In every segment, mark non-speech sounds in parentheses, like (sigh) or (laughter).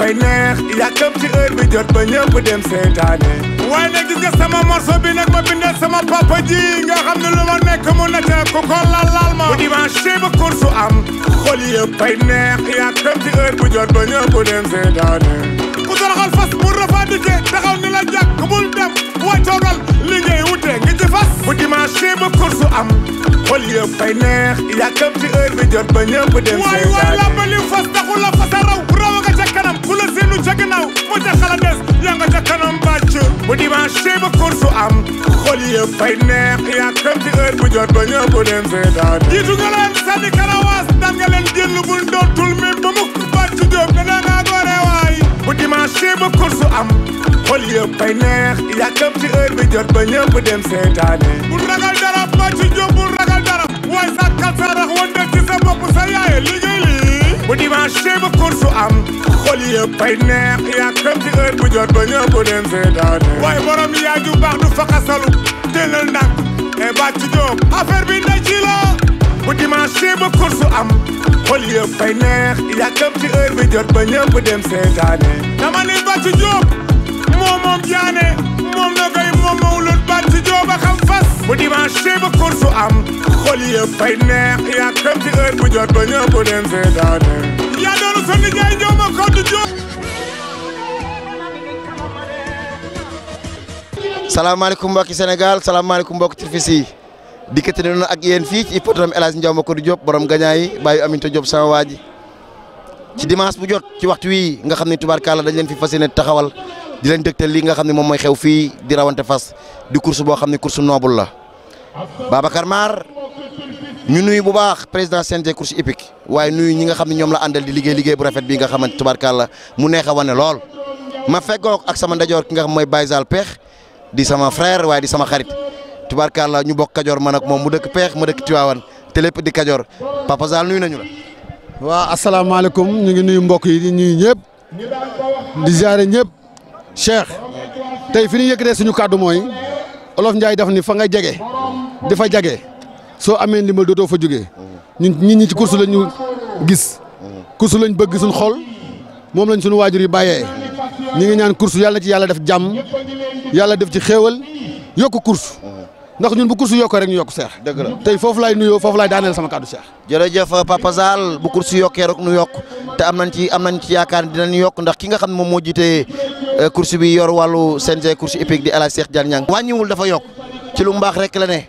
dafay neex yàkkam ci heure bi jot ba ñëpp dem seetaane waaye nag gis nga sama morceau bi nag ma bindal sama papa ji nga xam ne lu ma nekk mu nete ku ko laal laal ma bu dimanche ba course am xol yëppay neex yàkkam ci heure bu jot ba ñëpp dem seetaane ku toroxal fas mu rafadike taxaw ni la jàkk bul dem wàccoogal li ngay wute ngi ci fas bu dimanche ba course am xol yëppay neex yàkkam ci heure bi jot ba ñëpp dem seetaane waay waay làmbali fas taxu la fasa raw ca gannaaw mu ca xala des nga ca kanam bàcc bu dimanche ba course am xol yëpp fay neex yaa kam ci heure bu jot ba ñëpp dem seetaan jiitu nga leen sànni karawaas daan nga leen jël bu dootul mi ba mu bàcc jóob ne naa naa goore waay bu ba course am xol yëpp fay neex yaa kam ci heure bu jot ba ñëpp dem seetaane bu ragal dara bàcc jóob bu ragal dara waay sàkkal sa rax wante ci sa bopp sa yaaye liggéey bu dimanche ba course am xol yëpp ay neex yàkkamti heure bu jot ba ñëpp dem seetaan waaye borom yaa ju baax du fakasalu dellal ndànk e bàcc jóob affaire bi na ci la bu dimanche ba course am xol yëpp ay neex yàkkamti heure bi jot ba ñëpp dem seetaan dama ne bàcc jóob moom moom jaane moom na koy moom mawlul bàcc jóob a xam bu dimanche ba course am xol yëpp e fay neex ya kam ci heure bu jot ba ñoo ñëpp dem do yaa sonni jay ñoo ma ko du jox salam alaykum mbokk senegal salam alaykum mbokk yi dikete non ak yeen fi ci elage El ma ko du jop borom gañaa yi bàyyi Aminta Diop sama waji ci dimanche bu jot ci waxtu wi nga xamni ne tubaarkàlla dañ leen fi fasiyene taxawal di leen dëgtal li nga xamni mom moy xew fi di rawante fas di course bo xamni course noble la babakar Mar ñu nuyu bu baax président CNG course hippique waaye nuyu ñi nga xamni ñom la andal di liggéey liggéey bu rafet bi nga xamante tubarkalla mu nexa wone ma ak sama ndajor ki nga xam moy bayzal Zal di sama frère waaye di sama xarit tubarkalla ñu bok kadior man ak mom mu dëkk Peex mu dëkk tiwawan te lepp di kadior Papa Zal nuyu nañu la. assalamu asalaamaaleykum ñu ngi nuyu mbokk yi di nuyu ñëpp di ziaré ñëpp Cheikh tay fi ñu yëkkatee suñu kàddu moy Olof ndjay daf ni fa nga dafa jage soo amee ndimbal dootoo fa jógee ñun nit ñi ci course la ñu gis course lañ bëgg suñ xool moom lañ suñu waajur yi bàyyee ñi ngi ñaan course yàlla ci yàlla def jàmm yàlla def ci xéewal yokk course ndax ñun bu course yokkoo rek yokk Cheikh dëgg la tey foofu laay nuyoo foofu laay daaneel sama kàddu Cheikh jërëjëf Papa Sall bu course yokkee rek ñu yokk te am nañ ci am nañ ci yaakaar ne dinañ yokk ndax ki nga xam ne moom moo jiite euh, course bi yor wàllu CNG course hippique di El Hadj Cheikh Diagne Niang wàññiwul dafa yokk ci lu mbaax rek la ne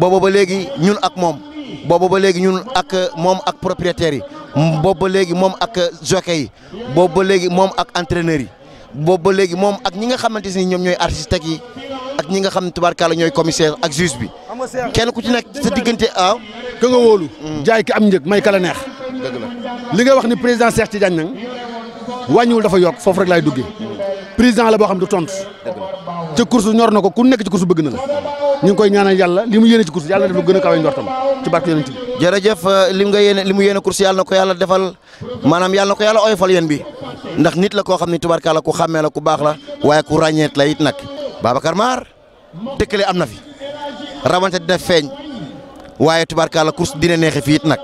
booba ba léegi ñun ak moom booba ba léegi ñun ak moom ak propriétaires yi boobu ba léegi moom ak jockey yi boobu ba léegi moom ak entraîneurs yi boobu ba léegi moom ak ñi nga xamante ni ñoom ñooy artistes yi ak ñi nga xam tubaarkaala ñooy commissaire ak juge bi kenn ku ci nekk sa diggante ah. ka nga hmm. jaay ki am njëg may ka la neex. li nga wax ni président Cheikh Tidiane nag wàññiwul dafa yokk foofu rek laay dugge président la boo xam du tontu. dëgg la ñor na ko ku nekk ci course bëgg na ñu ngi koy ñaanal yàlla li mu yéene ci course yàlla def lu gën a kawe njortam ci barke yonent bi jërëjëf euh, lim nga yéene li mu yéene course yàlla na ko yàlla defal maanaam yàlla na ko yàlla oyofal yen bi ndax nit la koo xam ne tubarkalla ku xàmmee la ku baax la waaye ku ràññeet la it nag Babacar Mar tëkkale am na fi rawante dina feeñ waaye tubarkalla course dina neexe fii it nag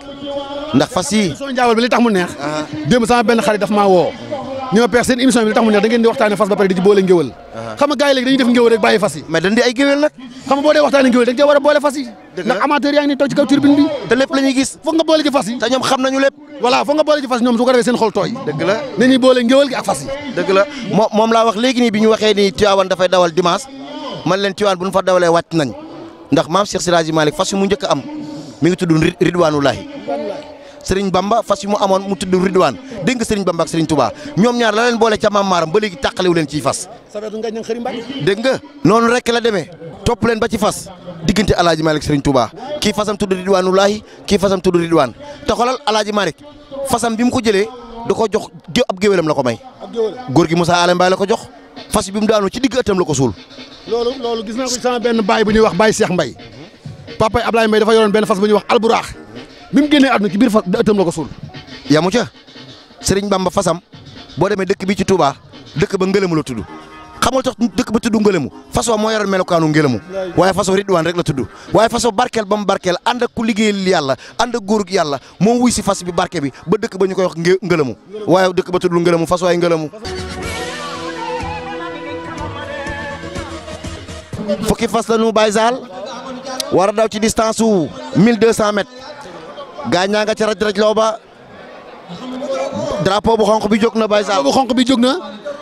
ndax fas yi soo bi li tax mu neex ah. démb sama benn xarit daf ma woo ñu ma peex seen émission bi li tax mu neex da ngeen waxtaane fas ba pare di ngéwël xam nga gars yi def ngéwël rek bàyyi fas yi mais dañ ay géwél nag xam boo dee waxtaane ngéwël da war a boole fas ndax amateur ni toog kaw turbine bi te lépp la gis foog nga boole ci fas yi ñoom xam nañu lépp voilà foog nga boole ci fas ñoom su ko seen xol tooy dëgg boole ngéwël gi ak fas yi la wax léegi nii bi ñu waxee dafay dawal dimanche man leen Serigne Bamba fas yu mu amoon mu tudd Ridwaan dégg nga Serigne Bamba ak Serigne Touba ñoom ñaar la leen boole ca maam maaram ba léegi tàqalewu leen ciy fas dégg nga noonu rek la demee topp leen ba ci fas diggante alaaji Malick Serigne Touba kii fasam tudd Ridwaanulaahi kii fasam tudd Ridwaan te xoolal alaaji Malick fasam bi mu ko jëlee da ko jox ab géwélam la ko may góor gi Moussa Alem Mbaye la ko jox fas bi mu daanoo ci digg ëttam la ko suul loolu loolu gis naa ko sama benn baay bu ñuy wax Baye Cheikh Mbaye papay Ablaye Mbaye dafa yoroon benn fas bu ñuy bi mu génnee àdduna ci biir fa ëttam la ko suul. yamu ca Serigne Bamba fasam boo demee dëkk bi ci Touba dëkk ba ngëlëmu la tudd xam nga tax dëkk ba tudd ngëlëmu façon moo yoroon melokaanu ngëlëmu waaye façon ridwaan rek la tudd waaye façon barkeel ba mu barkeel ànd ak ku liggéeyal yàlla ànd ak góorug yàlla moo wuy si fas bi barke bi ba dëkk ba ñu koy wax ngëlëmu waaye dëkk ba tudd ngëlëmu façon ay ngëlëmu fukki fas la ñu bàyyi saal war a daw ci distance wu 1200 mètres gaañaa nga ca raj raj loo bu xonq bi jóg na Baye Zal bu bi jóg na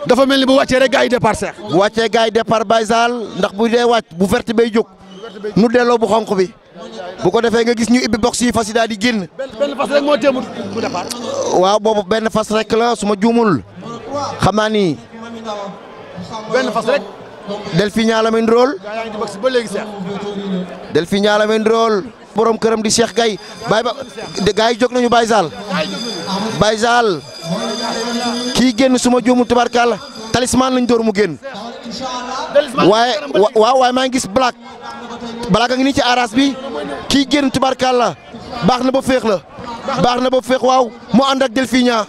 dafa mel ni bu wàccee rek gars yi départ seex bu wàccee gars yi départ Baye Zal ndax bu dee wàcc bu verte bay jóg nu delloo bu xonq bi bu ko defee nga gis ñu ibbi box yi fas yi daal di génn. benn fas rek moo téemu mu départ. waaw boobu benn fas rek la su ma juumul ni benn fas rek. Delphine Alamin Rool. gaa yaa ngi ci box ba léegi seex. Delphine Rool. boroom këram di Cheikh gay Baye ba yi jóg nañu Baye Sall kii génn suma juumu tubarkalla talisman lañ door mu génn waaye waaw waaye maa ngi gis black black a ngi nii ci aras bi kii génn tubarkalla baax na ba féex la baax na ba féex waaw mu ànd ak Delfinia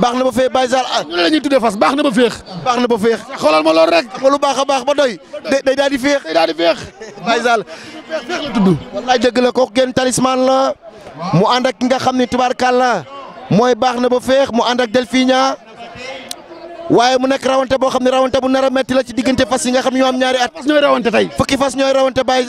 baax na ba féex Baye ah. la ñuy tuddee fas baax na ba féex baax na ba féex xoolal ma loolu rek lu baax a baax ba doy day daal di féex day daal di féex Baye la tudd wallaay dëgg la kooku la mu ànd ak ki nga xam ne tubaarkàlla mooy baax na ba féex mu ànd ak Delfinia waaye mu nekk rawante boo xam ne rawante bu nar a ci diggante fas yi nga xam ne ñaari at fukki fas ñooy rawante Baye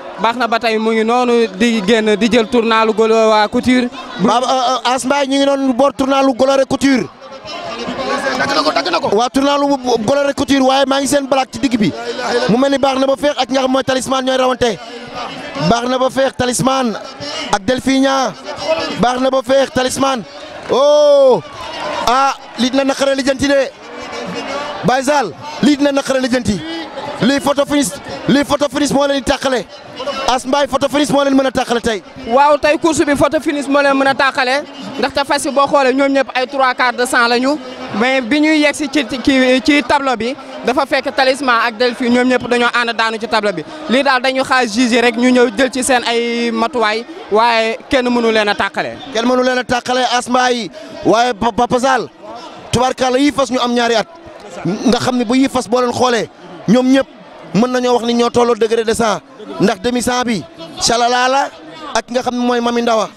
baax na ba tey mu ngi noonu di génn di jël tournalu Golo waa Couture. Baba euh, euh, As ñu ngi noonu boor tournalu Goloré Couture. dagg na ko ko. waa tournalu Goloré Couture waaye maa ngi seen black ci digg bi mu mel ni baax na ba feex ak nga xam mooy talisman ñooy rawante. baax na ba feex talisman ak Delphinia baax na ba feex talisman oh ah lii dina naqare lijjanti de Baye Zal lii dina naqare lijjanti. lii photo finish lii photo finish moo leen di tàqale Ass Mbaye photo finish moo leen mën a tàqale tey. waaw tey course bi photo finish moo leen mën a tàqale ndaxte fas yi boo xoolee ñoom ñëpp ay trois quarts de cent la ñu mais bi ñuy yegg si ci ci ci tableau bi dafa fekk talisman ak delphi ñoom ñëpp dañoo ànd daanu ci tableau bi lii daal dañu xaar juge rek ñu ñëw jël ci seen ay matuwaay waaye kenn mënu leen a tàqale. kenn mënu leen a tàqale Ass Mbaye waaye Papa Sall tubaarkàlla yii fas ñu am ñaari at. ndax xam ne bu yii fas boo leen xoolee ñoom ñëpp mën nañoo wax ni ñoo tolloo degré de cent ndax demi cent bi chalalaala ak ki nga xam ne mooy mami ndawa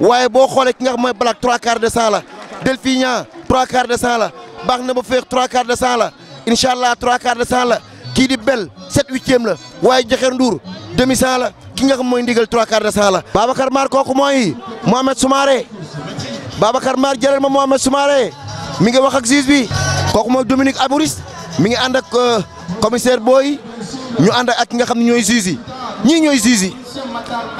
waaye boo xoolee ki nga xam mooy balak trois quarts de cent la delfinia trois quarts de cent la baax na ba féex trois quarts de cent la incha allah trois quarts de cent la kii di bel sept huitième la waaye jaxeer nduur demi cent la ki nga xam mooy ndigal trois quarts de cent la Babacar Mar kooku mooy Mohamed Soumaré Babacar Mar jëlal ma Mohamed Soumaré mi nga wax ak juge bi kooku mooy Dominique Abouris mi ngi ànd ak euh, commissaire booy ñu ànd ak ki nga xam ne ñooy juge ñii ñooy juge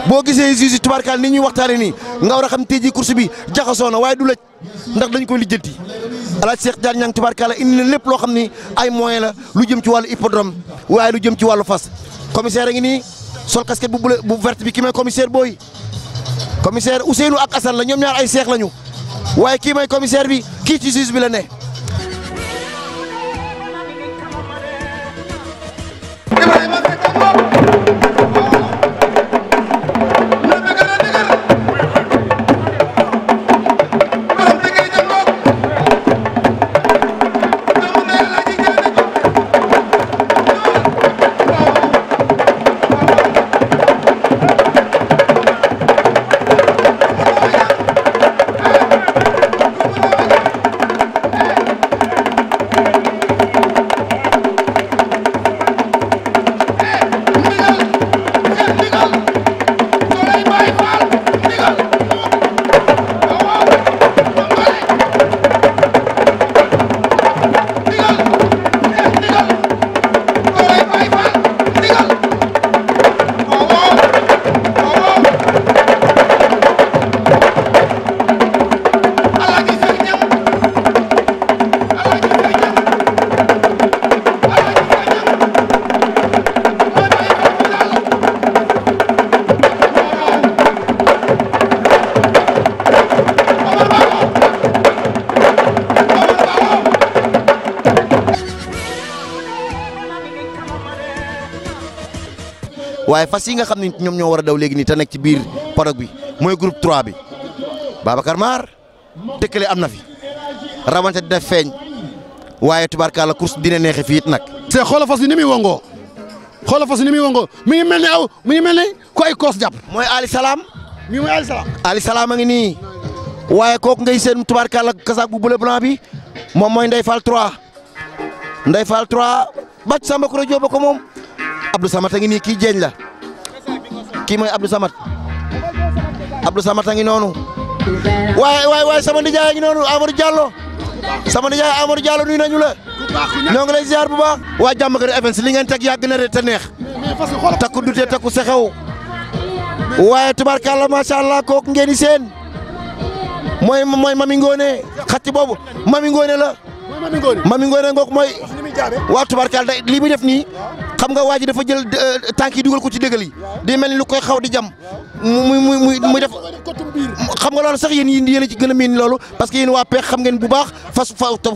boo gisee juge yi tubaarkaal ni ñuy waxtaane ni nga war a xam tey jii course bi jaxasoo na waaye du lëj ndax dañ koy lijjanti Alaaji Cheikh Diagne ñang tubaarkaal indi na lépp loo xam ni ay moyen la lu jëm ci wàllu hippodrome waaye lu jëm ci wàllu fas commissaire a ngi nii sol casquette bu bleu bu verte bi ki may commissaire booy commissaire Ousseynou ak Assane la ñoom ñaar ay seex lañu waaye kii may commissaire bi kii ci juge bi la ne waaye fas yi nga xam ne ñoom ñoo war a daw léegi nii te nekk ci biir paddock bi mooy groupe 3 bi Babacar Mar dëkkale am na fi rawante dina feeñ waaye tubaarkalla course dina neexe fii it nag. c'est xoolal fas yi ni muy wongoo xoolal fas yi muy wongoo mi ngi mel ni aw mi ngi mel ne ko ay koos jàpp. mooy Ali Salaam. mi mooy Ali Salaam. Ali Salaam ngi nii waaye kooku ngay seen tubaarkalla kasaak bu bleu blanc bi moom mooy Ndeye Fall 3 Ndeye Fall 3 bàcc Samba Kura Joob ba kii jeeñ la kii mooy Abdou Samad Abdou Samad a ngi noonu waaye waaye waaye sama nijaay a ngi noonu Amadou Diallo sama nijaay Amadou Diallo nuyu nañu la ñoo ngi lay ziar bu baax. waa Jàmmagari Events li ngeen teg yàgg na de te neex takku dutee takku sexew waaye tubaarkàlla macha allah kooku ngeen di seen mooy mooy mami ngoone xatti boobu mami ngoone la mami ngoone ngook mooy waa tubaarkàlla li mu def nii xam nga waji dafa jël euh, tanki duggal ko ci dëgal yi di melni lu koy xaw di jam muy muy muy muy def xam nga lolu sax yeen yéen a ci gëna min lolu parce que yeen wa pex xam ngeen bu baax fas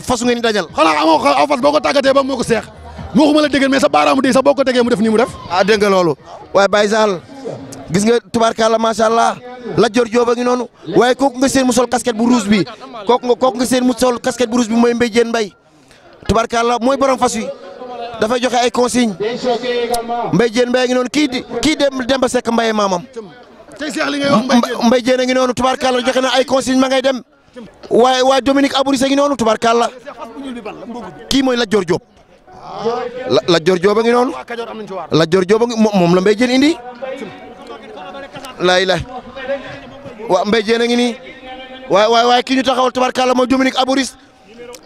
fasu ngeen dajal xala amo aw fas boko tagate ba moko xeex seex moo xuma la dëggal mais sa baaraamu di sa boko tege mu def ni mu def ah dégg lolu way Baye gis nga tubaarkàlla macha allah la jor jooba ngi noonu way kok nga seen mu sol casquette bu rouge bi kok nga kok nga seen mu sol casquette bu rouge bi mooy Mbaye Diène Mbaye tubaarkàlla moy borom fas wi dafa joxe ay consigne mbay jéen mbay ngi noonu kii kii dem Demba Seck mbaye maamam mbay jéen a ngi noonu tubaarkàlla joxe na ay consigne ma ngay dem waaye waa Dominique Abourissé ngi noonu tubaarkàlla kii mooy Lat Joor Joob Lat Joor Joob a ngi noonu Lat Joor Joob a ngi moom la mbay jéen indi laay la waa mbay jéen a ngi nii waay waay waay kii ñu taxawal tubaarkàlla mooy Dominique Abourissé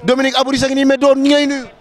Dominique Abourissé a ngi nii mais doon ñu ngay nuyu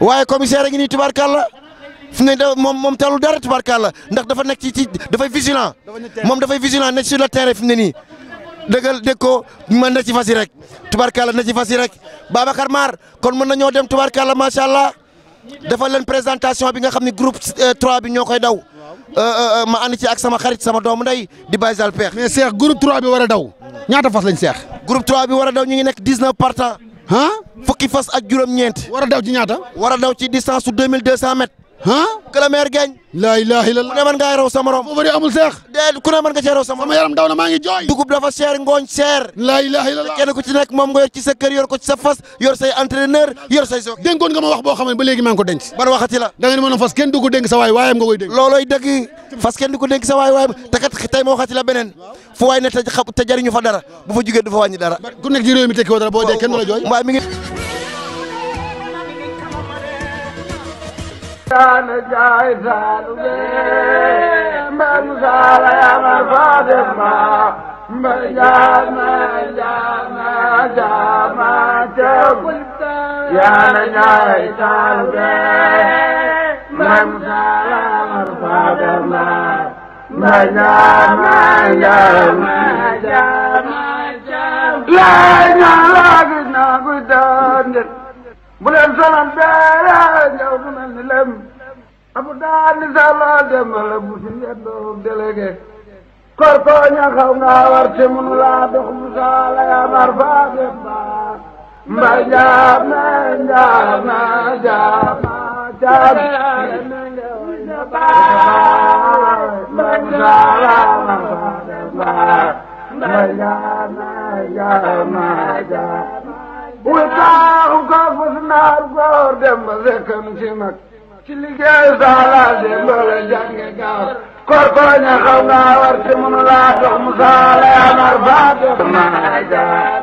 waaye commissaire a ngi nii tubaarkàlla fu ne da moom moom talul dara tubaarkàlla ndax dafa nekk ci ci dafay vigilant moom dafay vigilant nekk sur le terrain fi mu ne nii dëggal dégg ko man na ci fas yi rek tubaarkàlla na ci fas yi rek Babacar Mar kon mën nañoo dem tubaarkàlla macha allah dafa leen présentation bi nga xam ni groupe 3 euh, bi ñoo koy daw euh, euh, ma ànd ci ak sama xarit sama doomu nday di Baye Zal Peex mais Cheikh groupe bi war a daw ñaata fas lañ Cheikh. groupe 3 bi war daw ñu ah fukki fas ak juróom-ñeent. war a daw ci ñaata. war a daw ci distance su 2200 mètres. ah que le laa ilaaha illallah ku ne mën ngaa raw sa morom ku ne mën nga cee raw sa morom sama maa ngi jooy dugub dafa seer ngooñ seer kenn ku ci nekk moom nga yor ci sa yor ko ci sa fas yor say entraîneur yor say sok dénkoon nga ma wax boo xam ne ba léegi maa ko denc ban waxati la da a fas kenn du ko dénk sa waay waayam nga koy dénk loolooy dëgg fas kenn du ko sa waay waayam te kat tey ma waxati beneen fu waay ne te fa daana jaay saalu bee mbam saala yamar faa def maa mba jaama jaama jaama teew yaana jaay saalu bee mbam saala yamar faa def maa mba jaama jaama jaama laa ñaan bu leen sonal dara njaw du mel ni lem abu daan ni sàllaa dem bu si njeddoog délégué kor ko war te mënu laa dox bu saala mar faa dem baa mbay njaab na njaab na njaab na njaab mbay saala mar faa dem baa mbay njaab wutaaxu ko fas góor dem ba fekkam ci mag ci liggéey saala dem ba la jànge gaaw kor ko ña xaw nga war te mënu laa dox mu saala yamar faa dem maa jaar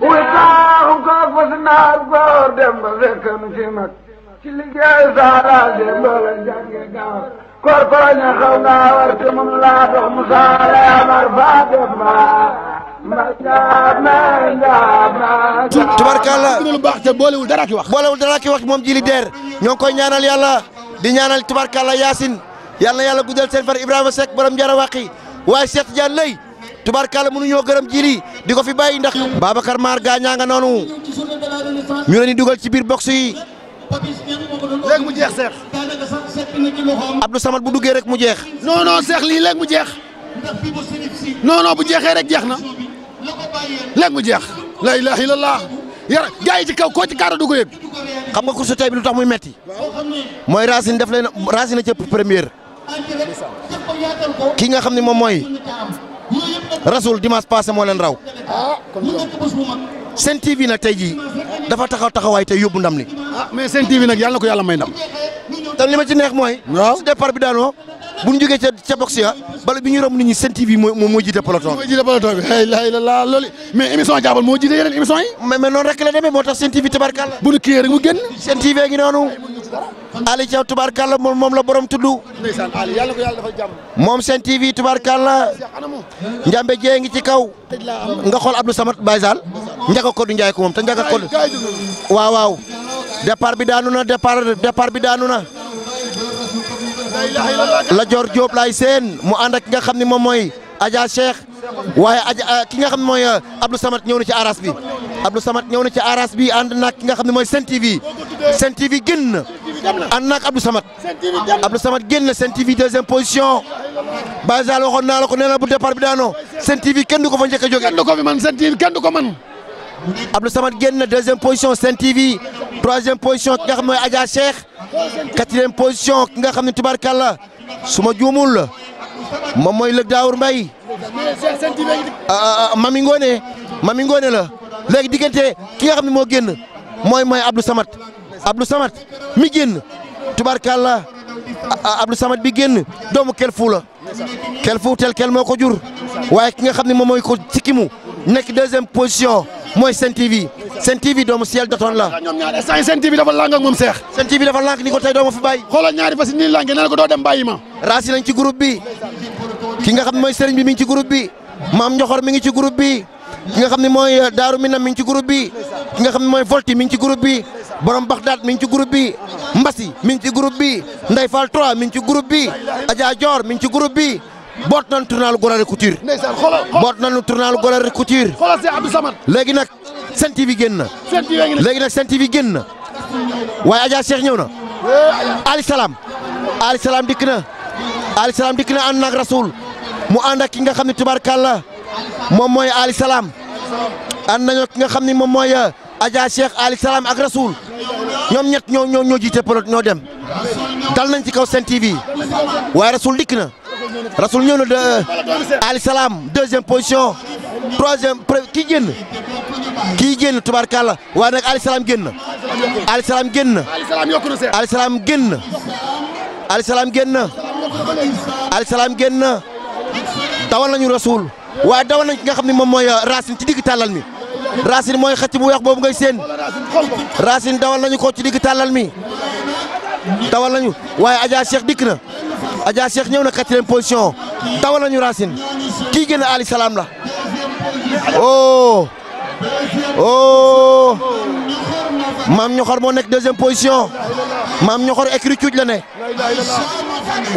wutaaxu ko fas góor dem ba fekkam ci ci liggéey saala dem ba la jànge gaaw قربان خونا ورتم الله بخمصالة مرفات tubarkalla lu baax te boolewul wax boolewul jili deer ñoo koy ñaanal yàlla di ñaanal tubarkalla guddal far ibrahima borom lay mënu ñoo jili di fi bàyyi ndax babacar maar gaañaa nga noonu ñu leen di ci box yi jeex Abdou Samad bu duggee rek mu jeex. non non Cheikh lii léegi mu jeex. non bu jeexee rek jeex na léegi mu jeex. la ilaha illallah yar gaa yi ci kaw koo ci kaara du ko yëg. xam nga course tey bi lu tax muy metti mooy Racine def leen Racine cëpp première. kii nga xam ne moom mooy Rasoul dimanche passé moo leen raw. Ah, seen TV nag tey jii dafa taxaw taxawaay tey yóbbu ndam li. ah mais seen TV nag yàlla na ko yàlla may ndam. te li ma ci neex mooy. waaw su départ bu ñu jógee ca ca box ya bala bi ñu romb Sen TV moo moo jiite peloton bi. moo la la loolu mais émission jaabal moo jiite yeneen émission yi. mais mais noonu rek la moo tax Sen TV tabarkalla. moom la borom tudd. ndeysaan Ali yàlla ko yàlla dafa jàmm. moom Sen TV tubaarkalla. Njambe Dieng ngi ci kaw. nga xool Abdou Samad Baye Sall. Ndiaga Kodou ko moom te Ndiaga Kodou. waaw waaw. départ bi daanu na départ départ bi daanu na Lat Dior Diop laay seen mu ànd ak ki nga xam ne moom mooy Adja Cheikh waaye Adja euh, ki nga xam ne mooy euh, Abdou Samad ñëw na ci aras bi Abdou samat ñëw na ci aras bi ànd naag ki nga xam ne mooy Sen TV Sen TV génn na ànd naag Abdou Samad Abdou Samad génn na Sen TV deuxième position Baye Sall waxoon naa la ko nee na bu départ bi daanoo Sen TV kenn ko fa njëkk a jógee. kenn du ko fi man Sen TV kenn ko man Abdou Samad génn na deuxième position Sen TV troisième position ki nga xam ne mooy Adja Cheikh quatrième position ki nga xam ne tubarkalla su ma juumul moom mooy Lëg Daawur Mbay ma ah, mi ah, ah, Mami Ngone Mami Ngone la léegi diggante ki nga xam ne moo génn mooy mooy Abdou Samad Abdou Samad mi génn tubarkalla ablu Samad bi génn doomu Kelfu la Kelfu tel kel moo ko jur waaye ki nga xam ne moom mooy ko sikkimu nekk deuxième position mooy Sen TV Sen TV doomu si yàlla dotoon la. instant yii Sen TV dafa làng ak moom seex. Sen TV dafa làng ni ko tey doo fi bàyyi. xoolal ñaari fas yi nii làng nee na doo dem bàyyi ma. raasi nañ ci groupe bi ki nga xam ne mooy sëriñ bi mi ngi ci groupe bi maam Njoxor mi ngi ci groupe bi ki nga xam ne mooy euh, Daaru Minam mi ngi ci groupe bi ki nga xam ne mooy Volti mi ngi ci groupe bi Borom Baxdaat mi ngi ci groupe bi Mbasi mi ngi ci groupe bi Ndey Fall 3 mi ngi ci groupe bi Adja Dior mi ngi ci groupe bi. boot na tournal Gorare Couture. ndeysaan xoolal boot nañu tournal Gorare Couture. xoolal si Abdou Samane. léegi nag Sen TV génn na. Sen TV génn léegi nag Sen TV génn na waaye Adja Cheikh ñëw na. Eh. Ali Salam. dikk na. Ali Salam dikk na ànd naag Rasoul mu ànd ak ki nga xam ne tubaarkàlla moom mooy Ali Salam ànd nañoo ki nga xam ni moom mooy eh, Adja Cheikh Ali Salam ak Rasoul ñoom ñett ñoo ñoo ñoo jiite polo ñoo dem dal nañ ci kaw Sen TV waaye Rasoul dikk na. Rasoul ñëw na de euh, Ali Salam deuxième position troisième kii génn kii génn tubaarkàlla waaye nag Ali Salam génn na Ali Salam génn na Ali Salam génn na Ali Salam génn na Ali Salam génn na dawal nañu Rasoul waaye dawal nañ ki nga xam ne moom mooy euh, Racine ci digg tàllal mi Racine mooy xëcc bu weex boobu ngay seen Racine dawal nañu ko ci digg tàllal mi dawal nañu waaye Adja Cheikh dikk na. Adja Cheikh ñëw na quatrième position dawal nañu Racine kii génn Ali Salam la oh oh maam ñoxor moo nekk deuxième position maam ñoxor écrit cuuj la ne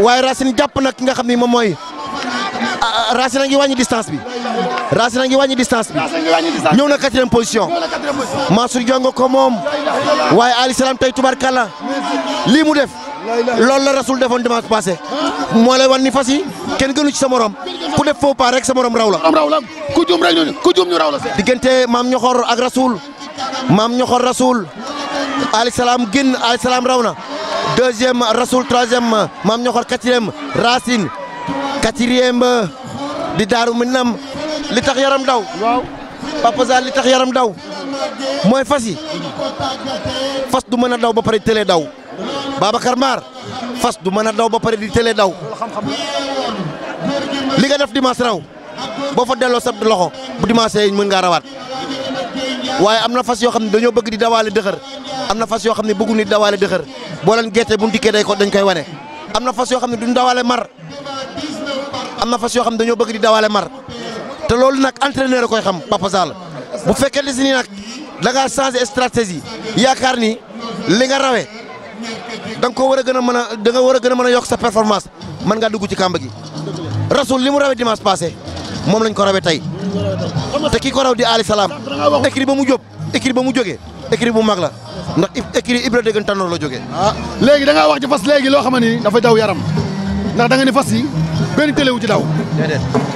waaye Racine jàpp nag ki nga xam ni moom mooy ah, ah, Racine a ngi wàññi distance bi Racine a ngi wàññi distance bi ñëw na quatrième position Mansour jongo ko moom waaye Ali Salam tey tubarkalla lii mu def. loolu la rasul defoon dimanche passé moo lay wan ni fas yi kenn gënu ci sa morom ku def faux pas sa moroom raw la. raw la ku juum rek ñu ku juum diggante maam ñoxor ak rasul maam ñoxor rasul alayhi salaam génn alayhi salaam raw na deuxième rasul troisième maam ñoxor quatrième racine quatrième di daaru minam li tax yaram daw. waaw li tax yaram daw mooy fas yi fas du mën a daw ba pare tëlee daw. Babacar Maar fas du mën a daw ba pare di télé daw li nga def dimanche raw boo fa delloo sab loxo bu dimanche yi mën ngaa rawaat waaye am na fas yoo xam ne dañoo bëgg di dawaale dëxër am na fas yoo xam ne bëgguñu di dawaale dëxër boo leen gerte bu ñu day ko dañ koy wane am na fas yoo xam ne duñ dawaale mar am na fas yoo xam ne dañoo bëgg di dawaale mar te loolu nag entraîneur koy xam Papa Sall bu fekkee ne si nii nag da ngaa changé yaakaar ni li dang ko wara gëna mëna da nga wara gëna mëna yok sa performance man nga duggu ci kamba gi rasul limu rawé dimanche passé mom lañ ko rawé tay té ki ko raw di ali salam écrit ba mu jóg écrit ba mu joggé écrit bu mag la ndax écrit Ibra déggan tànnoor la jógee ah léegi da nga wax ci fas légui lo xam da fa daw yaram ndax da nga ni fas yi benn télé wu ci daw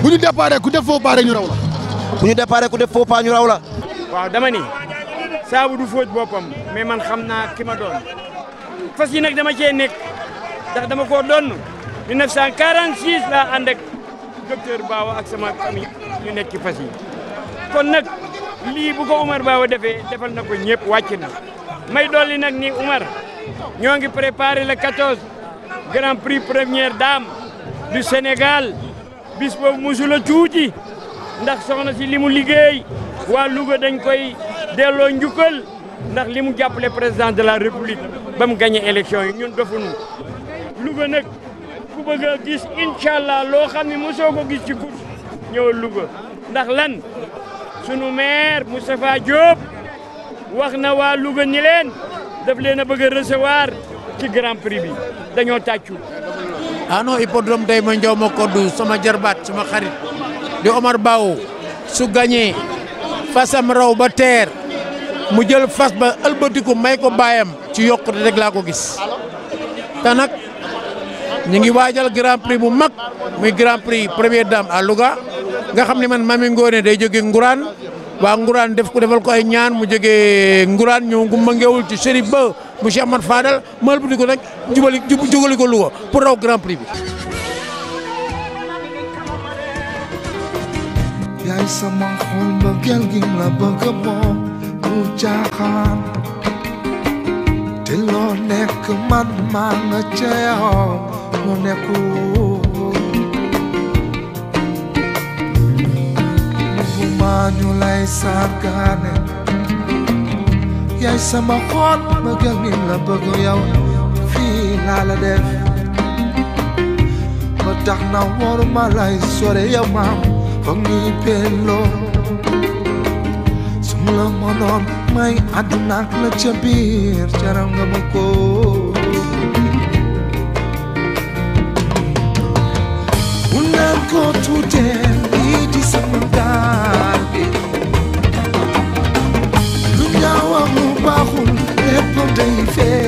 bu ñu déparé ku def fo paré ñu raw la bu ñu déparé ku def fo pa ñu raw la waaw dama ni saabu du fóoj bopam mais man xamna kima doon fas yi nag dama cee nekk ndax dama koo doon 1946 laa ànd ak docteur Bawa ak sama famille ñu nekk ci fas yi kon nag lii bu ko Umar Bawa defee defal na ko ñëpp wàcc na may dolli nag ni Umar ñoo ngi préparé la 14 grand prix première dame du Sénégal bis boobu musul a tuuti ndax soxna si li mu liggéey waa Louga dañ koy delloo njukkal. ndax li mu jàppale président de la république ba mu gagné élection yi ñun defuñu Louga nag ku bëgg a gis incha allah loo xam ne mosoo ko gis ci course ñëwal Louga ndax lan sunu maire Moustapha Diop wax na waa Louga ni leen daf leen a bëgg ci grand prix bi dañoo tàccu. ah non hippodrome day ma njaw ma koddu sama jarbaat sama xarit di Omar Bawo su fasam raw ba teer. mu jël fas ba ëlbatiku may ko bayam ci yokkute rek la ko gis ta nak ñi ngi wajal grand prix bu mag muy grand prix premier dame à Louga nga xamni man mami ngone day jóge Ngourane wa Ngourane def ko defal ko ay ñaan mu jógee Ngourane ci Ba mu Cheikh amad Fadal mal ëlbatiku nak jubali jubali ko Louga pour raw grand prix bi. sama la ucahan Telo ne keman manga ceo Ngone ku Manyulai sagane Yai sama khon Magangin la bagayaw Fi la la def Madak na war malai Sore yaw mam Vangi pelo Vangi pelo Lamanon mai adunak na chabir jarang ngamukor Unang ko tuden Idi di manggali Lunyawa mo bahul Epo day fair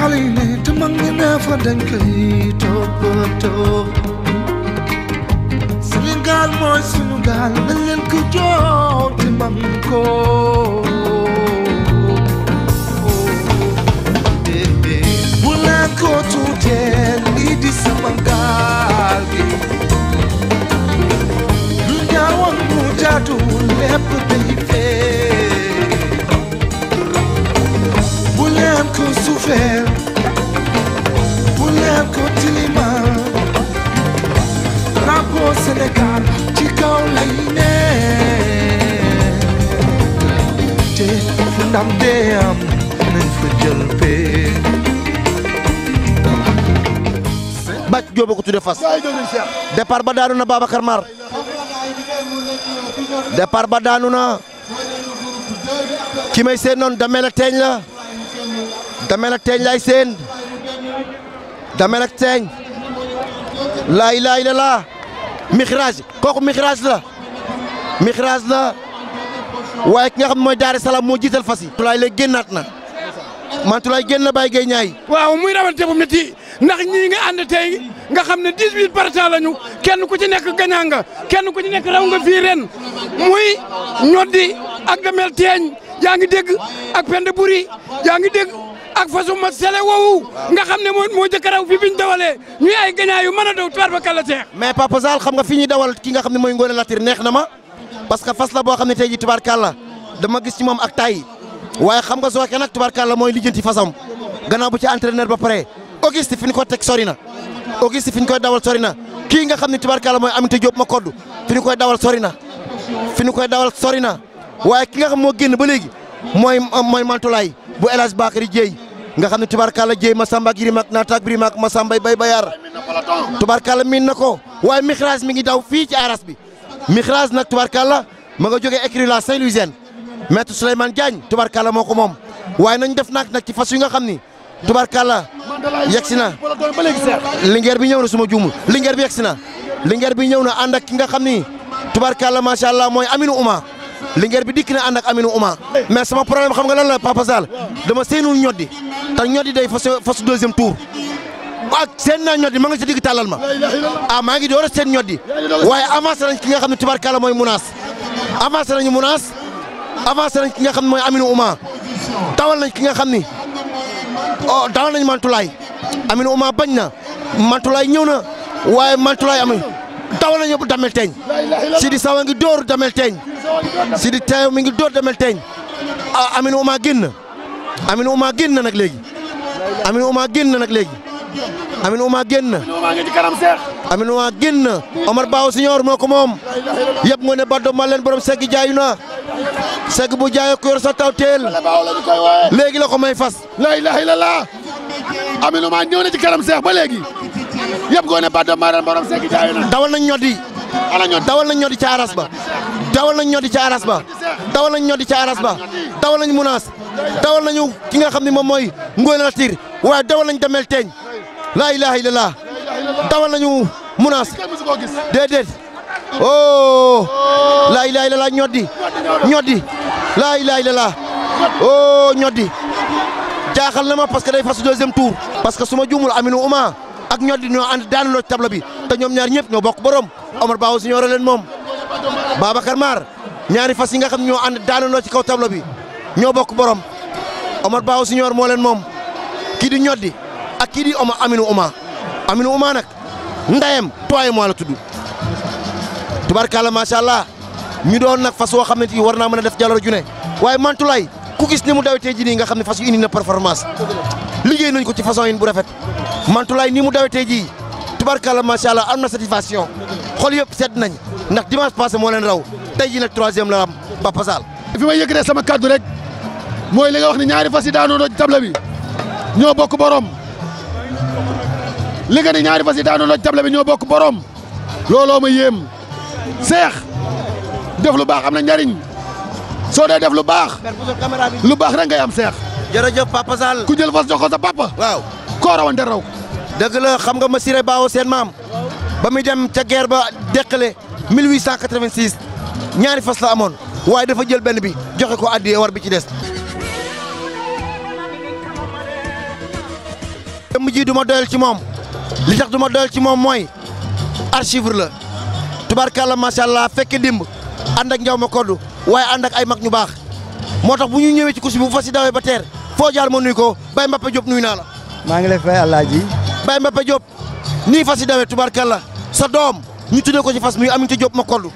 xale yi ne te mag ñi ne fa dañ koy toppatoo Sénégal mooy sunu gaal nañ leen ko te man ko ndam dee am nañ fas. départ ba daanu na Babacar Mar. départ ba daanu na. ki may seen noonu damel teeñ la. damel teeñ laay seen. damel la laa. kooku mixraaj la. mixraaj la. waaye ki nga xam ne mooy Daara Salaam moo jiital fas yi. Tulaay léegi génnaat na man Tulaay génn na Baye Gueye ñaay. waaw muy rawante bu métti ndax ñii nga ànd tey nga xam ne 18 partants lañu kenn ku ci nekk gañaa nga kenn ku ci nekk raw nga fii ren muy ñoddi ak damel teeñ yaa ngi dégg ak pende buri yaa ngi dégg. ak fasuma sele woowu nga xam ne moo moo jëkkëraw fi biñ dawalee ñuy ay gañaa yu mën a daw tubaar ba kàlla seex mais Papa xam nga fi ñuy dawal ki nga xam ne mooy Ngoné neex na ma parce que fas la boo xam ne te tey jii tubaarkàlla dama gis ci moom ak tay waaye xam nga Sokhe nag tubaarkàlla mooy lijjanti fasam gannaaw bu ci entraîneur ba pare Auguste fi ñu ko teg sori na Auguste fi ñu koy dawal sori na kii nga xam ne tubaarkàlla mooy Aminata Diop ma koddu fi ñu ko dawal sori na fi ñu koy dawal sori na waaye ki nga xam moo génn ba léegi mooy mooy Mantulaay bu El Hadj Bakary nga xam ne tubaarkàlla Dieye Masamba Giri Mag Naataak Biri Mag Masamba Bay Bayar tubaarkàlla miin na ko waaye mixraas mi ngi daw fii ci aras bi. Mixlaas nag tubarkalla ma nga jógee écurie la Saint-Louisienne maître Souleymane Diagne tubarkalla moo ko moom waaye nañ def naak nag ci fas yu nga xam ni tubarkalla yegsi na lingeer bi ñëw na suma juumul lingeer bi yegsi na lingeer bi ñëw na ànd ak ki nga xam ni tubarkalla macha allah mooy Aminou Ouma lingeer bi dikk na ànd ak Aminou Ouma mais sama problème xam nga lan la Papa Sall dama seenul ñoddi te ñoddi day fas fas deuxième tour ak seen naa ñoddi ma nga si digg tàllal ma ah maa ngi door a seen ñoddi waaye avancé nañ ki nga xam ne tubarkalla mooy munaas avancé nañu munaas avancé nañ ki nga xam ne mooy aminu uma tawal nañ ki nga xam ni oh tawal nañ mantulaay aminu uma bañ na mantulaay ñëw na waaye mantulaay amuñ tawal nañu damel teeñ Sidi Sawa ngi dóor damel teeñ Sidi Teew mi ngi dóor damel teeñ ah aminu uma génn aminu uma na nag léegi aminu uma génn nag léegi Amine Ouma génn Amine Ouma génn Omar Baaw Siñoor moo ko moom yëpp nga ne Baddo Malène borom segg jaayu na segg bu jaayoo ku sa taw teel léegi la ko may fas la ilaha illallah Amine Ouma ñëw na ci kanam seex ba léegi yëpp nga ne Baddo Malène borom segg jaayu na dawal nañ ñoddi dawal nañ ñoddi ca aras ba dawal nañ ñoddi ca aras ba dawal nañ ñoddi munaas dawal nañu ki nga xam ne moom mooy ngóoy la tiir waaye dawal nañ demel teeñ Laila ilaha illallah dawal nañu munas dedet oh Laila ilaha illallah ñoddi ñoddi la ilaha illallah oh ñoddi jaaxal na ma parce que day fasu deuxième tour parce que suma jumul aminu uma ak ñoddi ñoo and daan lo table bi te ñom ñaar ñepp ñoo bok borom Omar baaw aussi ñoo mom, baba Babacar Mar ñaari fas yi nga xam ñoo daan lo ci kaw table bi ñoo bok borom Omar baaw senior ñoo mom, leen nyodi. di ñoddi ak Oma aminu Oma aminu Oma nak ndayam tooye mo la tudd tubarkalla macha allah ñu doon nag fas woo xam ne fii war naa mën a def jaloro ju waye waaye Mantoulaye ku gis ni mu dawete ji ni nga xam ne fas indi na performance liggey nañ ko ci façon yi bu rafet Mantoulaye ni mu dawete ji ma sha allah amna satisfaction xol yop set nañ nak dimanche passé mo len raw tay ji nak 3e la am ba passal fi may yëkkatee sama cadeau rek moy li nga wax ni ñaari fas yi daano do tableau bi ño bokk borom li nga ni ñaari fas yi daanoon loj table bi ñoo bokk borom looloo ma yéem seex def lu baax am na njariñ soo dee def lu baax lu baax rek ngay am seex. jërëjëf papa Sall. ku jël fas jox ko sa papa. waaw koo rawante raw. dëgg xam nga ma Massiré Bawo seen maam. ba muy dem ca guerre ba deqale 1886 ñaari fas la amoon waaye dafa jël benn bi joxe ko addiye war bi ci des. jëmm ji du ma doyal ci moom li tax du ma ci moom mooy archive la tubaarkàlla macha allah fekke dimb ànd ak njaw ma koddu waaye ànd ak ay mag ñu baax moo tax bu ñu ñëwee ci course bi bu fas yi dawee ba teer foo jaar ma nuyu ko Baye Mbappé Diop nuyu naa la. maa ngi lay fay Alaaji. Baye Mbappé Diop nii fas yi dawee tubaarkàlla sa doom ñu tuddee ko ci fas muy Aminata Diop ma koddu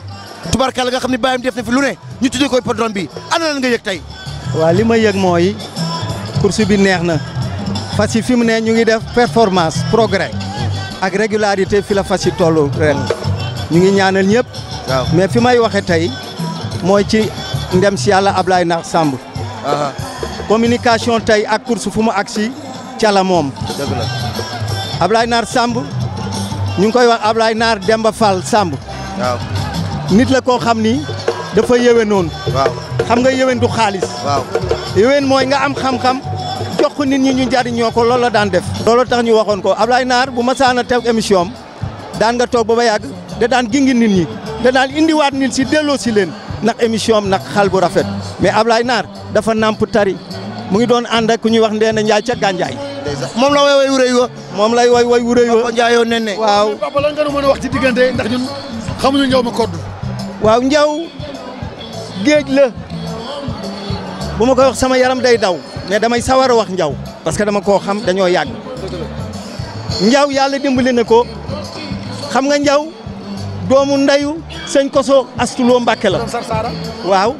la nga xam ne bàyyam def na fi lu ne ñu tuddee ko hippodrome bi ana nga yëg tey. waaw li ma yëg mooy course bi neex na. fas yi ne ñu ngi def performance progrès ak régularité fi la fas yi toll ren ñu ngi ñaanal ñëpp. waaw mais fi may waxee tey mooy ci ndem si yàlla Ablaye Ndax Samb. communication tay ak course fu mu agsi ca la moom. dëgg la Ablaye ñu koy wax Ablaye Demba Fall Samb. waaw nit la koo xam ni dafa yéwénoon. waaw xam nga yéwén du xaalis. waaw nga am xam-xam jox nit ñi ñu jariñoo ko loolu la daan def loolu tax ñu waxon ko ablay nar bu ma saana tew émission daan nga tok bu ba yag da daan gingi nit ñi da daan waat nit ci delo ci len nak émission nak xal bu rafet mais ablay nar dafa namp tari mu ngi doon and ak ñu wax ndena Njaay ca ganjay mom la way wu reuy wa mom lay way wu reuy wa njaayoo nenne waaw papa la nga ñu a wax ci diggante ndax ñun ñu njaw ma kodd waaw njaw geej la buma ko wax sama yaram day daw mais damay sawar a wax njaw parce que dama koo xam dañoo yàgg njaw yàlla dimbali na ko xam nga njaw doomu ndayu sëñ koso astuloo mbàkke la waaw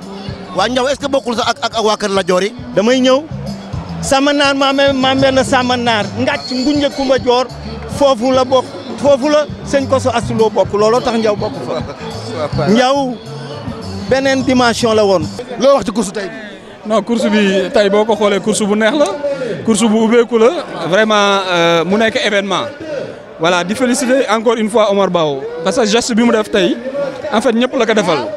waa njaw est-ce que bokkul sax ak ak ak waa kër la joor yi damay ñëw sama naar ma maam benn sama naar ngàcc ngunja kumba joor foofu la bokk foofu la sëñ koso loo bokk looloo tax njaw bokk fa (laughs) njaw beneen dimension la woon loo wax ci kursu tey non course bi tey boo ko xoolee course bu neex la course bu ubbeeku la vraiment euh, mu nekk événement voilà di féliciter encore une fois Omar Bao parce que geste bi mu def en fait ñëpp la ko defal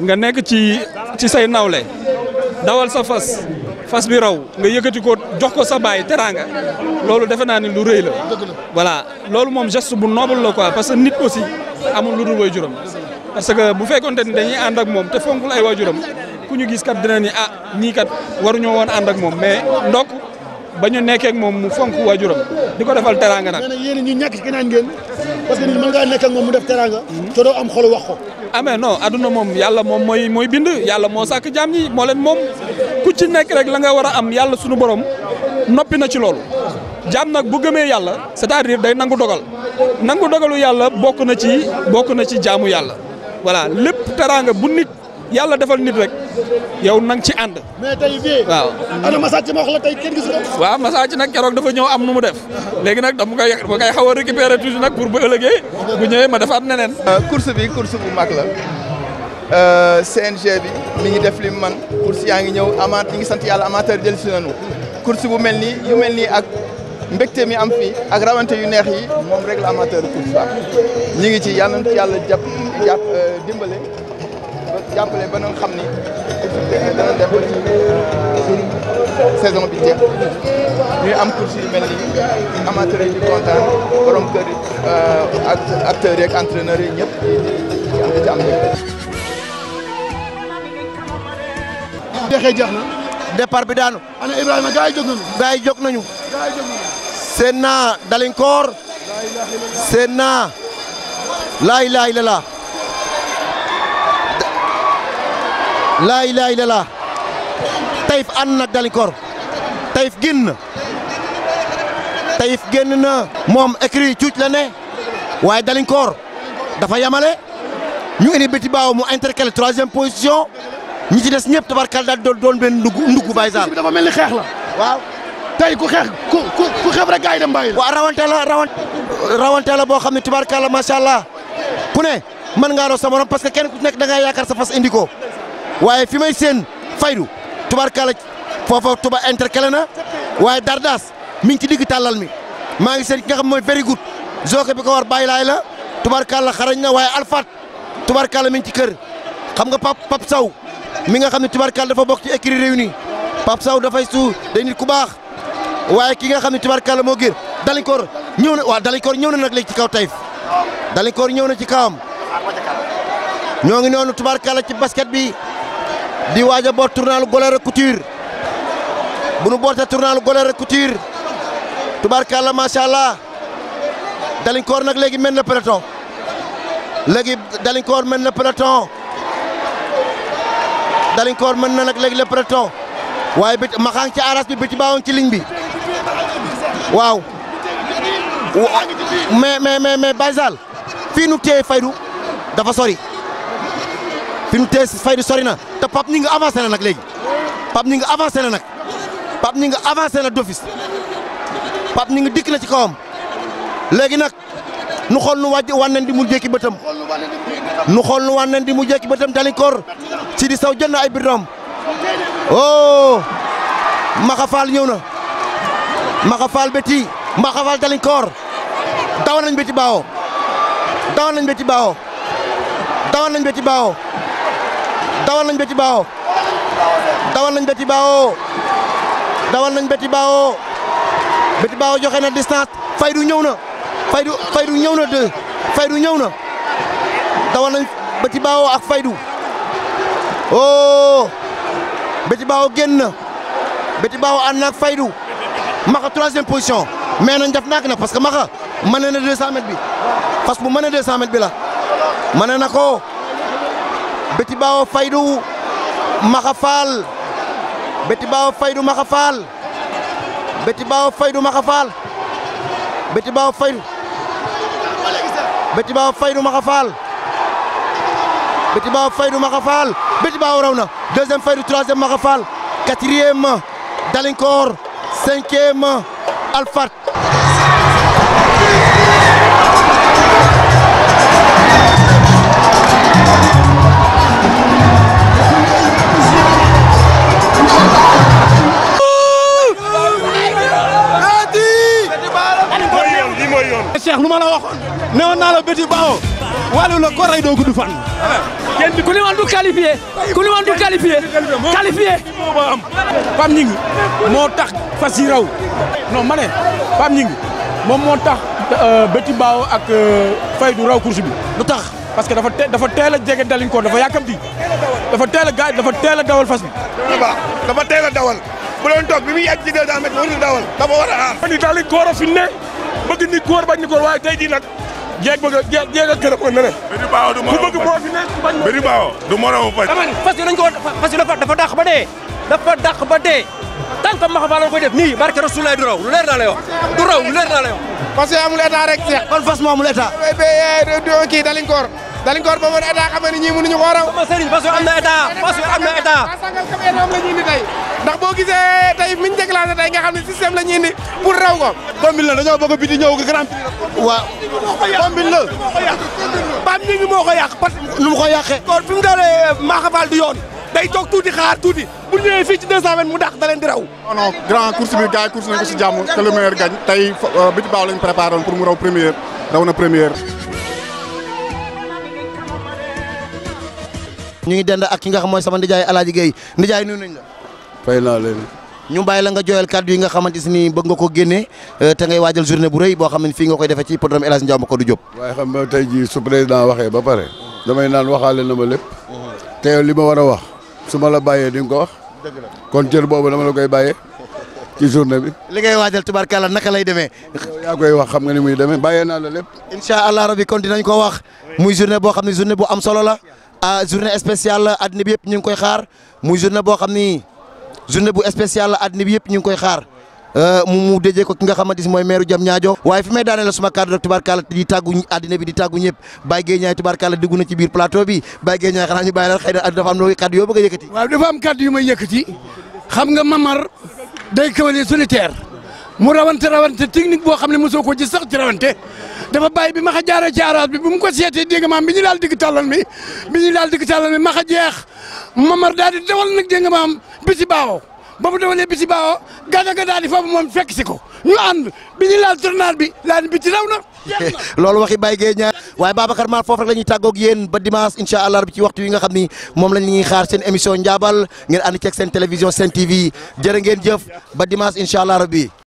nga nekk ci ci say nawle dawal sa fas fas bi raw nga yëkkati ko jox ko sa baay teraanga lolu défé na ni lu rëy la voilà lolu mom geste bu noble la quoi parce que nit aussi amul lu dul waajuram parce que bu fekkonte ni dañuy and ak mom té fonkul ay waajuram ku ñu gis kat dina ni ah ñii kat waruñoo woon ànd ak moom mais ndokk ba ñu nekkeek moom mu fonk waajuram di ko defal teraanga nag. nee na yéen ñu ñàkk ci keneen ngeen parce nit mën ngaa nekk moom mu def teraanga. te doo am xolu wax ko. ah mais adduna moom yàlla moom mooy mooy bind yàlla moo sàkk jaam ñi moo leen moom ku ci nekk rek la nga war a am yàlla sunu borom noppi na ci loolu. jaam nag bu gëmee yàlla set à dire day nangu dogal nangu dogalu yàlla bokk na ci bokk na ci jaamu yàlla yàlla defal nit rek yow nang ci ànd. mais tey bii. waaw ana Massaathie ma wax la tey kenn gisu ko. waaw nag keroog dafa ñëw am nu mu def léegi nag dama koy dama koy xaw a récupérer toujours nag pour bu ëllëgee bu ñëwee ma defaat neneen. Euh, course bi course bu mag la euh, CNG bi mi ngi def li man course yaa ngi ñëw amaat ñi ngi sant yàlla amateur jël si nañu course bu mel nii yu mel ni ak mbégte mi am fii ak rawante yu neex yi moom rek la amateur course am ñi ngi ci yàlla ci yàlla jàpp jàpp euh, jàppale ba nga xam ni dana def euh, saison bi jeex ñuy am course mel nii amateurs yi di kontaan borom kër yi euh, ak yi ak di am ci am bi daanu. ana Ibrahima gars yi jóg nañu. gars yi jóg dalinkoor. seen naa. laay laay laa ilaaha illallaah Taïf ànd nag Dalifort Taïf génn Taïf génn na moom écrit cuuc la ne waaye Dalifort dafa yamale ñu indi béti baaw mu intercalé troisième position ñi ci des ñëpp tabarkal daal doon doon benn ndugu ndugg Baye Sarr dafa mel ni xeex la waaw tey ku xeex ku ku xeex rek gars yi dem bàyyi la waaw rawante la boo xam ne tabarkal la macha allah ku ne mën ngaa doon sa morom parce que kenn ku nekk da yaakaar sa fas indiko waaye fi may seen faydu tubarkala foofa tuba intercalé na waaye dardas mi ngi ci digg tàllal mi maa ngi seen ki nga xam mooy very good zooke bi ko war bàyyi laay la tubarkalla xarañ na waaye alfaat tubarkalla mi ngi ci kër xam nga pap pap saw mi nga xam ne tubarkalla dafa bokk ci écurie Réunis pap saw dafay su day nit ku baax waaye ki nga xam ne tubarkalla moo gër dalinkoor ñëw na waaw dalinkoor ñëw na nag léegi ci kaw tayf dalinkoor ñëw na ci kawam ñoo ngi noonu tubarkalla ci basket bi di waaj a boot tournalu Golare Couture bu nu bootee tournalu Golare Couture tubaarkàlla macha allah Dalinkoor nag léegi mel na peloton léegi Dalinkoor mel na peloton Dalinkoor mel na nag léegi le peloton waaye bi ma xaang ci aras bi bi ci ci ligne bi waaw mais mais mais Baye Zal fii nu téye faydu dafa sori. fi tes tee fay di sori na te Pape Gningue avancé na nag léegi Pape Gningue avancé na nag Pape Gningue avancé na d'office Pape nga dik na ci kawam legui nak nu xol nu wàjj wànnen di mu jékki bëtam nu xol nu wànnen di mu jékki dalin kor, ci di saw jënd ay birdom oh makafal Fall ñëw na makafal Fall béti Maxa Fall dalinkoor daw nañ beti baawo daw nañ beti baawo daw nañ beti baawo dawal nañ Béti Bawo dawal nañ Béti Bawo dawal nañ Béti Bawo Béti joxe na distance Faydu ñëw na Faydu Faydu ñëw na deux Faydu ñëw na dawal nañ Béti Bawo ak Faydu oh Béti Bawo génn na Béti Bawo ànd na ak Faydu maxa troisième position mais nañ def nak na parce que maxa mën na 200 mètres bi fas bu mën na 200 mètres bi la mën na ko. Béti Bawo Faydu Maxa Faal Béti Bawo Faydu Maxa Faal Béti Bawo Faydu Maxa Faal Béti Bawo Faydu Béti Bawo Faydu Maxa Faal Béti Bawo Faydu Maxa Faal Béti Bawo raw na deuxième Faydu troisième Maxa Faal quatrième Dalinkoor cinquième Alfat lu ma la waxoon ne woon naa la Béti Bawo wàllu la ko rey doo gudd fan. ku ni du qualifié ku ni du qualifié qualifié. Pape Gningue moo tax fas yi raw non ma ne Pape Gningue moo moo tax euh, Béti Bawo ak euh, Faye du raw course bi lu tax. parce que dafa te dafa teel a jege daliñ ko dafa yàkkamti dafa teel a gaay dafa teel a dawal fas bi. dafa teel a dawal bu doon toog bi muy yàgg ci deux cent mètres warul dawal dafa war a aar. ni daliñ ko fi ne. bëgg ni góor bañ ni góor waaye tey jii nag jeeg bëgg a jeeg ak kërëm na ne ku bëgg bañ bëri ko fas yi dafa dàq ba dee dafa dàq ba dee tant que Maxa Fall la koy def nii barke Rasulullah du raw lu leer naa lay wax du leer naa lay wax parce que amul état rek seex kon fas moo amul état kii dalin koor dalin ko war ba état xam ñi mënu ñu ko raw serigne parce que am na état parce que am na état sangal kam la ñu indi tey ndax bo gisé tay miñ déclaré la pour raw la grand prix waaw combine la bam ñi ngi parce que mu ko koor du yoon day tok touti xaar touti bu fi ci 220 mu da di raw non grand course bi gaay course nañ ko ci jamm que le meilleur gagne tey eh, biti baaw lañ préparé pour mu raw première raw na première ñu ngi dend ak ki nga xam mooy sama ndijaay Alaaji Guèye ndijaay nuyu nañ la. fay naa leen. ñu bàyyi la nga jooyal kàddu yi nga xamante ni bëgg nga ko génne euh, te ngay waajal journée bu rëy boo xam ne fii nga koy defee ci programme El Hadj Ndiaye ba pare. damay naan waxaale na ma lépp. a la bàyyee di nga ko wax. kon cër boobu dama la koy bàyyee ci journée bi. li ngay waajal tubaarkàlla naka lay demee. yaa koy wax xam nga ni muy demee bàyyee naa la lépp. incha allah rabi kon dinañ ko wax muy journée boo xam ne journée bu am solo la. ah journée spéciale àddina bi yëpp ñu ngi koy xaar muy journée boo xam ni journée bu spéciale àddina bi yëpp ñu ngi koy xaar euh, mu déjee ko ki nga xamante si mooy maire Diamniadio waaye fi may daane la suma cadre tubaarkalla di tàggu àddina bi di tàggu ñëpp Baye Gueye Niang tubaarkalla dugg na ci biir plateau bi Baye Gueye Niang xanaa ñu bàyyi la xëy na dafa am loo kaddu a xam nga Mamar day kawale solitaire mu rawante rawante technique boo xam ne mosoo ko gis sax ci rawante dafa baay bi maxa jaaree ci araas bi bu mu ko seetee dégg maam bi ñu daal digg tàllal mi bi ñu daal digg tàllal mi maxa jeex mamar daal di dawal nag dégg maam bisi baawo ba mu dawalee bisi baawo gàddaga daal di foofu moom fekk si ko ñu ànd bi ñu laal tournal bi laal bi ci raw na (laughs) loolu waxi Baye Gueye ñaar waaye Babacar Mar foofu rek la ñuy tàggoog yéen ba dimanche incha allah bi ci waxtu yi nga xam ni moom la ñuy xaar seen émission njaabal ngeen ànd ceeg seen télévision seen TV jërë ngeen jëf ba dimanche incha allah rabbi